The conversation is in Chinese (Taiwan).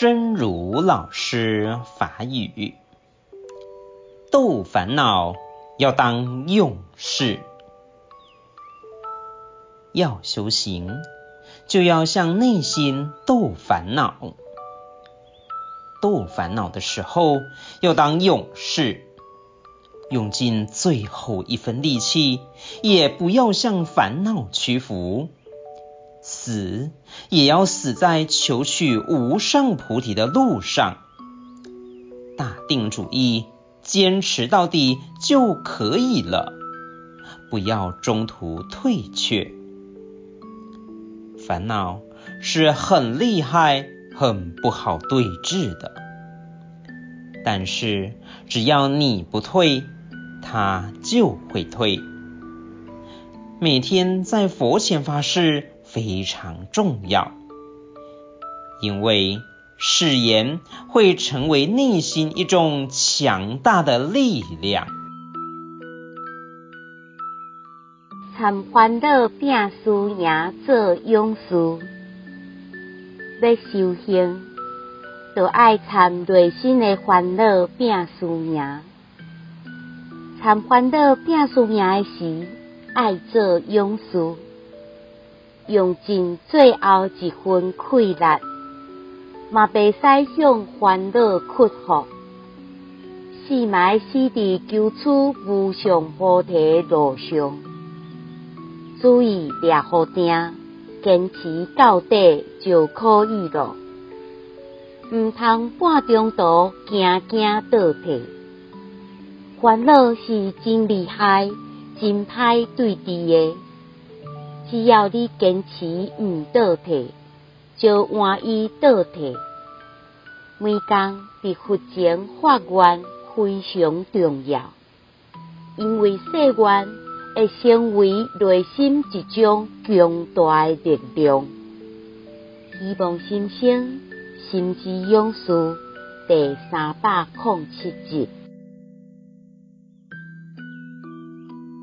真如老師法語：鬥煩惱要當勇士，要修行就要向內心鬥煩惱。鬥煩惱的時候要當勇士，用盡最後一分力氣，也不要向煩惱屈服。死也要死在求取無上菩提的路上，打定主意，堅持到底就可以了。不要中途退怯。煩惱是很厲害、很不好對治的，但是只要你不退，它就會退。每天在佛前發誓，非常重要，因為誓言會成為內心，一種強大的力量。鬥煩惱拼死命做勇士，要修行，就愛鬥內心的煩惱拼死命。鬥煩惱拼死命的時，愛做勇士。用盡最後一分氣力，嘛袂使向煩惱屈服。死嘛死佇求取無上菩提路上，注意掠好定，堅持到底就可以了。毋通半中途驚驚倒退。煩惱是真厲害，真歹對治的。只要你堅持不倒退，就願意倒退。每天在佛前發願非常重要，因為誓願會成為內心一種強大的力量。希望新生，心之勇士第三百零七集。